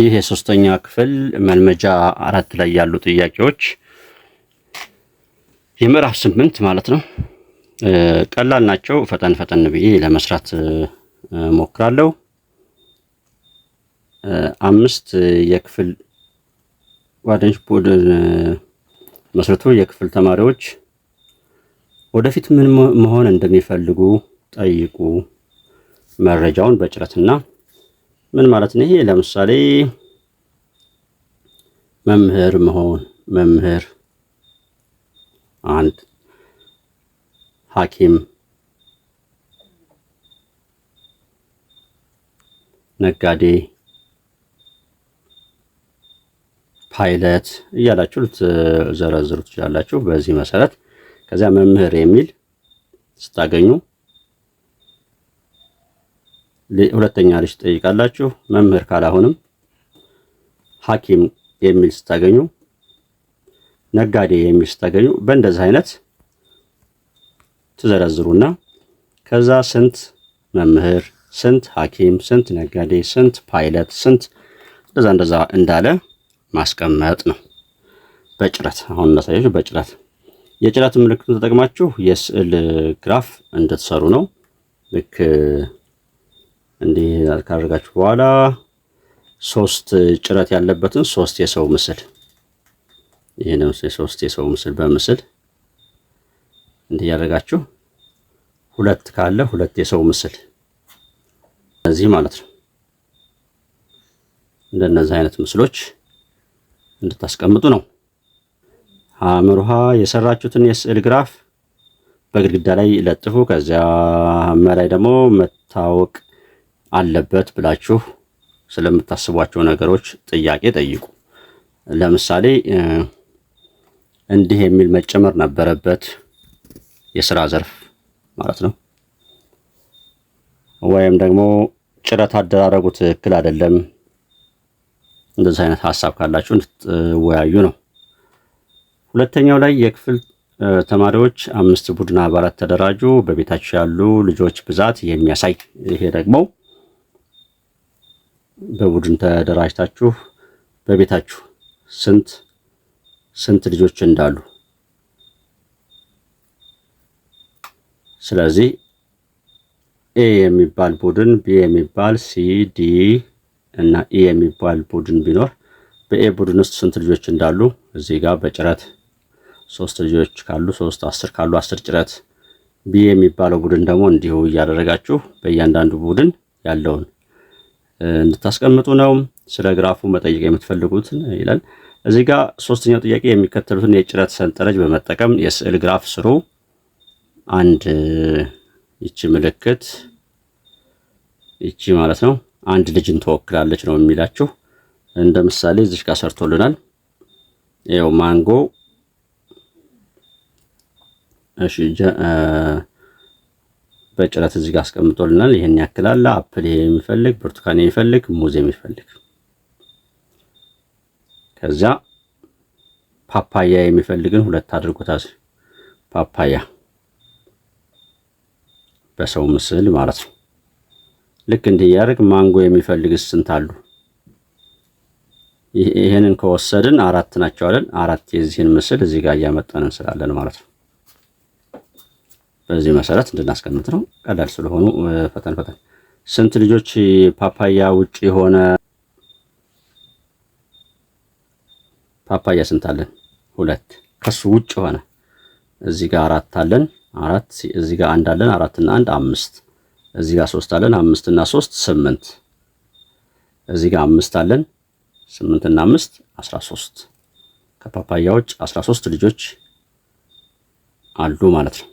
ይህ የሶስተኛ ክፍል መልመጃ አራት ላይ ያሉ ጥያቄዎች የምዕራፍ ስምንት ማለት ነው። ቀላል ናቸው። ፈጠን ፈጠን ብዬ ለመስራት ሞክራለሁ። አምስት የክፍል ጓደኞች ቡድን መስርቶ የክፍል ተማሪዎች ወደፊት ምን መሆን እንደሚፈልጉ ጠይቁ። መረጃውን በጭረትና ምን ማለት ነው? ይሄ ለምሳሌ መምህር መሆን መምህር አንድ ሐኪም ነጋዴ ፓይለት እያላችሁ ልትዘረዝሩ ትችላላችሁ። በዚህ መሰረት ከዚያ መምህር የሚል ስታገኙ ሁለተኛ ልጅ ትጠይቃላችሁ። መምህር ካላሁንም ሐኪም የሚል ስታገኙ፣ ነጋዴ የሚል ስታገኙ በእንደዚህ አይነት ትዘረዝሩና ከዛ ስንት መምህር፣ ስንት ሐኪም፣ ስንት ነጋዴ፣ ስንት ፓይለት፣ ስንት እንደዛ እንደዛ እንዳለ ማስቀመጥ ነው። በጭረት አሁን እናሳያችሁ። በጭረት የጭረት ምልክቱን ተጠቅማችሁ የስዕል ግራፍ እንድትሰሩ ነው ልክ እንዲህ ካደረጋችሁ በኋላ ሶስት ጭረት ያለበትን ሶስት የሰው ምስል ይሄ ነው። ሶስት የሰው ምስል በምስል እንዲህ ያደረጋችሁ ሁለት ካለ ሁለት የሰው ምስል እዚህ ማለት ነው። እንደነዚህ አይነት ምስሎች እንድታስቀምጡ ነው። አምሮሃ የሰራችሁትን የስዕል ግራፍ በግድግዳ ላይ ለጥፉ። ከዚያ መላይ ደግሞ መታወቅ አለበት ብላችሁ ስለምታስቧቸው ነገሮች ጥያቄ ጠይቁ። ለምሳሌ እንዲህ የሚል መጨመር ነበረበት የስራ ዘርፍ ማለት ነው። ወይም ደግሞ ጭረት አደራረጉ ትክክል አይደለም። እንደዚህ አይነት ሀሳብ ካላችሁ እንድትወያዩ ነው። ሁለተኛው ላይ የክፍል ተማሪዎች አምስት ቡድን አባላት ተደራጁ፣ በቤታቸው ያሉ ልጆች ብዛት የሚያሳይ ይሄ ደግሞ በቡድን ተደራጅታችሁ በቤታችሁ ስንት ስንት ልጆች እንዳሉ ስለዚህ ኤ የሚባል ቡድን ቢ የሚባል ሲ ዲ እና ኢ የሚባል ቡድን ቢኖር በኤ ቡድን ውስጥ ስንት ልጆች እንዳሉ እዚህ ጋር በጭረት ሶስት ልጆች ካሉ ሶስት አስር ካሉ አስር ጭረት ቢ የሚባለው ቡድን ደግሞ እንዲሁ እያደረጋችሁ በእያንዳንዱ ቡድን ያለውን እንድታስቀምጡ ነው። ስለ ግራፉ መጠየቅ የምትፈልጉትን ይላል። እዚህ ጋር ሶስተኛው ጥያቄ የሚከተሉትን የጭረት ሰንጠረዥ በመጠቀም የስዕል ግራፍ ስሩ። አንድ ይቺ ምልክት ይቺ ማለት ነው አንድ ልጅን ትወክላለች ነው የሚላችሁ። እንደ ምሳሌ እዚች ጋር ሰርቶልናል። ይኸው ማንጎ እሺ በጭረት እዚህ ጋር አስቀምጦልናል። ይህን ያክላል። አፕል ይሄ የሚፈልግ ብርቱካን የሚፈልግ ሙዝ የሚፈልግ ከዛ ፓፓያ የሚፈልግን ሁለት አድርጎታል። ፓፓያ በሰው ምስል ማለት ነው። ልክ እንዲህ እያደረግ ማንጎ የሚፈልግ ስንት አሉ? ይሄንን ከወሰድን አራት ናቸው አለን። አራት የዚህን ምስል እዚህ ጋር እያመጣን እንስላለን ማለት ነው። በዚህ መሰረት እንድናስቀምጥ ነው። ቀላል ስለሆኑ ፈተን ፈተን ስንት ልጆች ፓፓያ ውጭ የሆነ ፓፓያ ስንት አለን? ሁለት ከሱ ውጭ የሆነ እዚህ ጋር አራት አለን አራት እዚህ ጋር አንድ አለን አራት እና አንድ አምስት እዚህ ጋር ሶስት አለን አምስት እና ሶስት ስምንት እዚህ ጋር አምስት አለን ስምንት እና አምስት አስራ ሶስት ከፓፓያዎች አስራ ሶስት ልጆች አሉ ማለት ነው።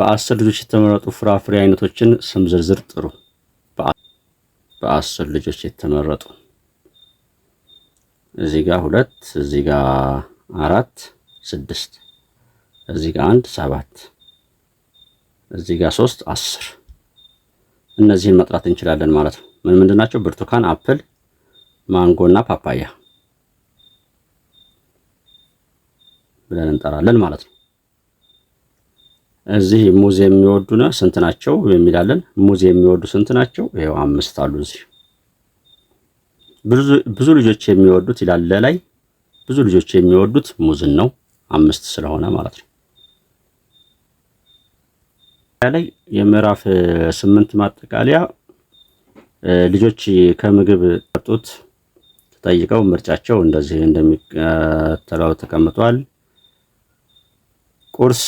በአስር ልጆች የተመረጡ ፍራፍሬ አይነቶችን ስም ዝርዝር ጥሩ። በአስር ልጆች የተመረጡ እዚህ ጋር ሁለት፣ እዚህ ጋር አራት፣ ስድስት፣ እዚህ ጋር አንድ፣ ሰባት፣ እዚህ ጋር ሶስት፣ አስር። እነዚህን መጥራት እንችላለን ማለት ነው። ምን ምንድን ናቸው? ብርቱካን፣ አፕል፣ ማንጎ እና ፓፓያ ብለን እንጠራለን ማለት ነው። እዚህ ሙዝ የሚወዱና ስንት ናቸው የሚላለን። ሙዝ የሚወዱ ስንት ናቸው? ይኸው አምስት አሉ። እዚህ ብዙ ልጆች የሚወዱት ይላል ለላይ። ብዙ ልጆች የሚወዱት ሙዝን ነው፣ አምስት ስለሆነ ማለት ነው። ላይ የምዕራፍ ስምንት ማጠቃለያ ልጆች ከምግብ ጠጡት ተጠይቀው ምርጫቸው እንደዚህ እንደሚከተለው ተቀምጧል። ቁርስ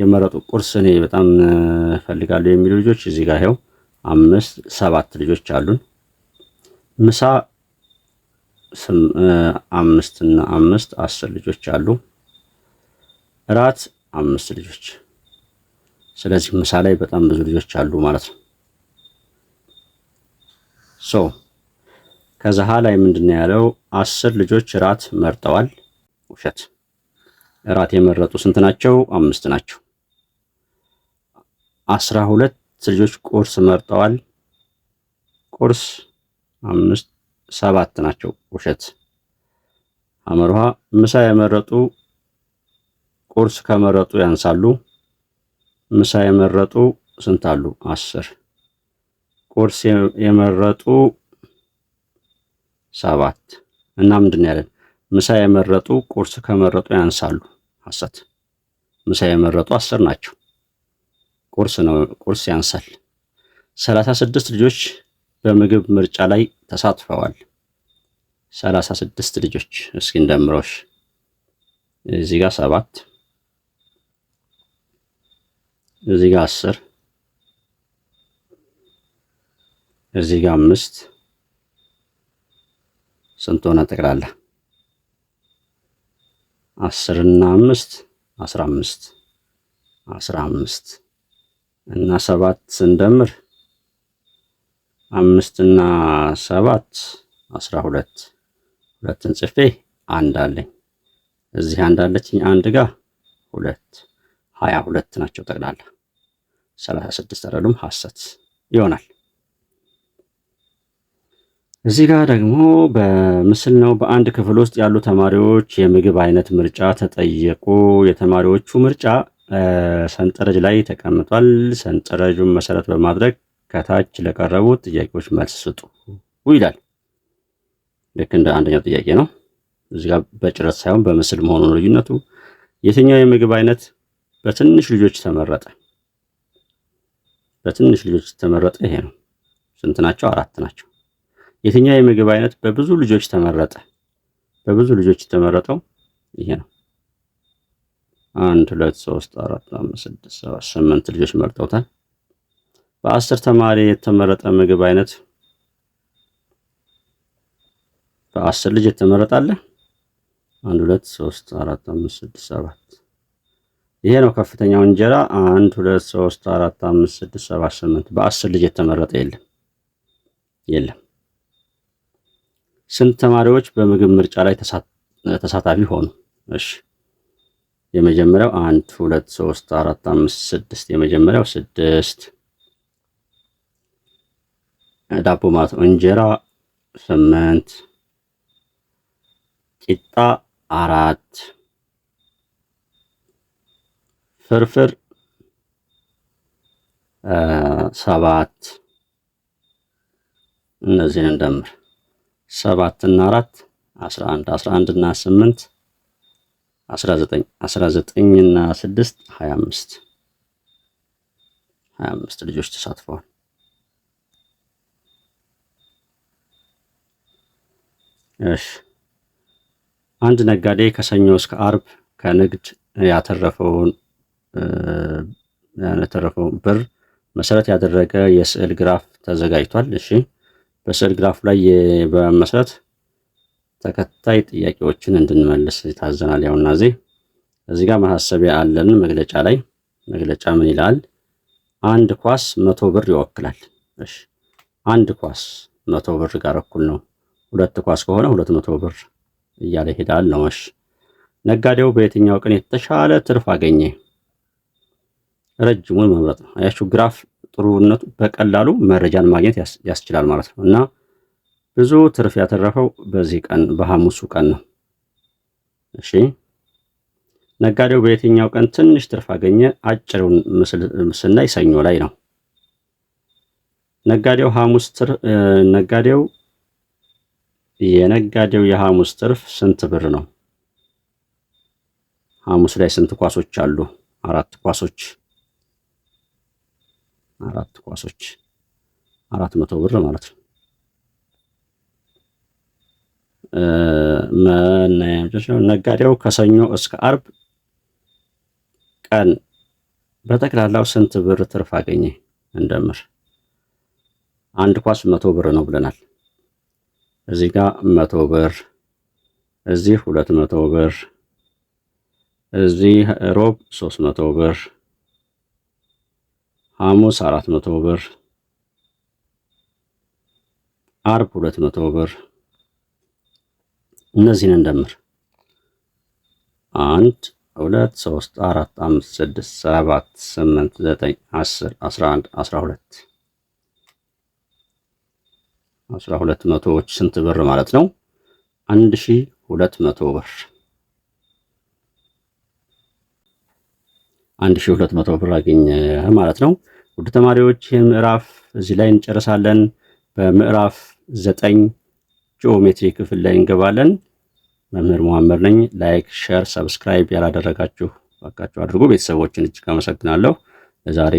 የመረጡ ቁርስ እኔ በጣም እፈልጋለሁ የሚሉ ልጆች እዚህ ጋር ይኸው አምስት ሰባት ልጆች አሉን። ምሳ አምስት እና አምስት አስር ልጆች አሉ። እራት አምስት ልጆች። ስለዚህ ምሳ ላይ በጣም ብዙ ልጆች አሉ ማለት ነው። ሶ ከዛ ላይ ምንድነው ያለው? አስር ልጆች እራት መርጠዋል። ውሸት። እራት የመረጡ ስንት ናቸው? አምስት ናቸው። አስራ ሁለት ልጆች ቁርስ መርጠዋል። ቁርስ አምስት ሰባት ናቸው። ውሸት አመርሃ ምሳ የመረጡ ቁርስ ከመረጡ ያንሳሉ። ምሳ የመረጡ ስንት አሉ? አስር ቁርስ የመረጡ ሰባት እና ምንድን ያለን ምሳ የመረጡ ቁርስ ከመረጡ ያንሳሉ። ሐሰት ምሳ የመረጡ አስር ናቸው። ቁርስ ነው ቁርስ ያንሳል። ሰላሳ ስድስት ልጆች በምግብ ምርጫ ላይ ተሳትፈዋል። 36 ልጆች እስኪ እንደምሮሽ እዚህ ጋር ሰባት እዚህ ጋር አስር እዚህ ጋር አምስት ስንት ሆነ ጠቅላላ? አስርና አምስት አስራ አምስት አስራ አምስት እና ሰባት ስንደምር አምስት እና ሰባት አስራ ሁለት ሁለትን ጽፌ አንድ አለኝ እዚህ አንድ አለችኝ አንድ ጋር ሁለት ሀያ ሁለት ናቸው ጠቅላላ ሰላሳ ስድስት አይደሉም ሀሰት ይሆናል። እዚህ ጋር ደግሞ በምስል ነው። በአንድ ክፍል ውስጥ ያሉ ተማሪዎች የምግብ አይነት ምርጫ ተጠየቁ። የተማሪዎቹ ምርጫ ሰንጠረዥ ላይ ተቀምጧል። ሰንጠረዡን መሰረት በማድረግ ከታች ለቀረቡ ጥያቄዎች መልስ ስጡ ይላል። ልክ እንደ አንደኛው ጥያቄ ነው። እዚህ ጋር በጭረት ሳይሆን በምስል መሆኑ ነው ልዩነቱ። የትኛው የምግብ አይነት በትንሽ ልጆች ተመረጠ? በትንሽ ልጆች ተመረጠ። ይሄ ነው። ስንት ናቸው? አራት ናቸው። የትኛው የምግብ አይነት በብዙ ልጆች ተመረጠ? በብዙ ልጆች የተመረጠው ይሄ ነው። አንድ ሁለት ሶስት አራት አምስት ስድስት ሰባት ስምንት ልጆች መርጠውታል። በአስር ተማሪ የተመረጠ ምግብ አይነት በአስር ልጅ የተመረጣለ አንድ ሁለት ሶስት አራት አምስት ስድስት ሰባት ይሄ ነው ከፍተኛው እንጀራ። አንድ ሁለት ሶስት አራት አምስት ስድስት ሰባት ስምንት በአስር ልጅ የተመረጠ የለም የለም። ስንት ተማሪዎች በምግብ ምርጫ ላይ ተሳታፊ ሆኑ? እሺ የመጀመሪያው አንድ ሁለት ሶስት አራት አምስት ስድስት የመጀመሪያው ስድስት ዳቦ ማለት ነው። እንጀራ ስምንት ቂጣ አራት ፍርፍር ሰባት እነዚህን እንደምር ሰባት እና አራት አስራ አንድ አስራ አንድ እና ስምንት 19 እና 6 25 25 ልጆች ተሳትፈዋል። እሺ አንድ ነጋዴ ከሰኞ እስከ አርብ ከንግድ ያተረፈውን ያተረፈውን ብር መሰረት ያደረገ የስዕል ግራፍ ተዘጋጅቷል። እሺ በስዕል ግራፍ ላይ በመሰረት ተከታይ ጥያቄዎችን እንድንመልስ ይታዘናል። ያውና ዜ እዚህ ጋር ማሳሰቢያ አለን። መግለጫ ላይ መግለጫ ምን ይላል? አንድ ኳስ መቶ ብር ይወክላል። እሺ አንድ ኳስ መቶ ብር ጋር እኩል ነው። ሁለት ኳስ ከሆነ ሁለት መቶ ብር እያለ ይሄዳል ነው። እሺ ነጋዴው በየትኛው ቀን የተሻለ ትርፍ አገኘ? ረጅሙን መምረጥ ነው። አያችሁ ግራፍ ጥሩነቱ በቀላሉ መረጃን ማግኘት ያስችላል ማለት ነው እና ብዙ ትርፍ ያተረፈው በዚህ ቀን በሐሙሱ ቀን ነው። እሺ ነጋዴው በየትኛው ቀን ትንሽ ትርፍ አገኘ? አጭሩን ስናይ ሰኞ ላይ ነው። ነጋዴው ሐሙስ ነጋዴው የነጋዴው የሐሙስ ትርፍ ስንት ብር ነው? ሐሙስ ላይ ስንት ኳሶች አሉ? አራት ኳሶች አራት ኳሶች አራት መቶ ብር ማለት ነው። ነጋዴው ከሰኞ እስከ አርብ ቀን በጠቅላላው ስንት ብር ትርፍ አገኘ? እንደምር አንድ ኳስ መቶ ብር ነው ብለናል። እዚህ ጋር መቶ ብር፣ እዚህ ሁለት መቶ ብር፣ እዚህ ሮብ ሶስት መቶ ብር፣ ሐሙስ አራት መቶ ብር፣ አርብ ሁለት መቶ ብር እነዚህን እንደምር አንድ ሁለት ሶስት አራት አምስት ስድስት ሰባት ስምንት ዘጠኝ አስር አስራ አንድ አስራ ሁለት አስራ ሁለት መቶዎች ስንት ብር ማለት ነው? አንድ ሺ ሁለት መቶ ብር አንድ ሺ ሁለት መቶ ብር አገኘ ማለት ነው። ውድ ተማሪዎች ይህን ምዕራፍ እዚህ ላይ እንጨርሳለን። በምዕራፍ ዘጠኝ ጂኦሜትሪ ክፍል ላይ እንገባለን። መምህር መሐመድ ነኝ። ላይክ፣ ሸር፣ ሰብስክራይብ ያላደረጋችሁ እባካችሁ አድርጉ። ቤተሰቦችን እጅግ አመሰግናለሁ። ለዛሬ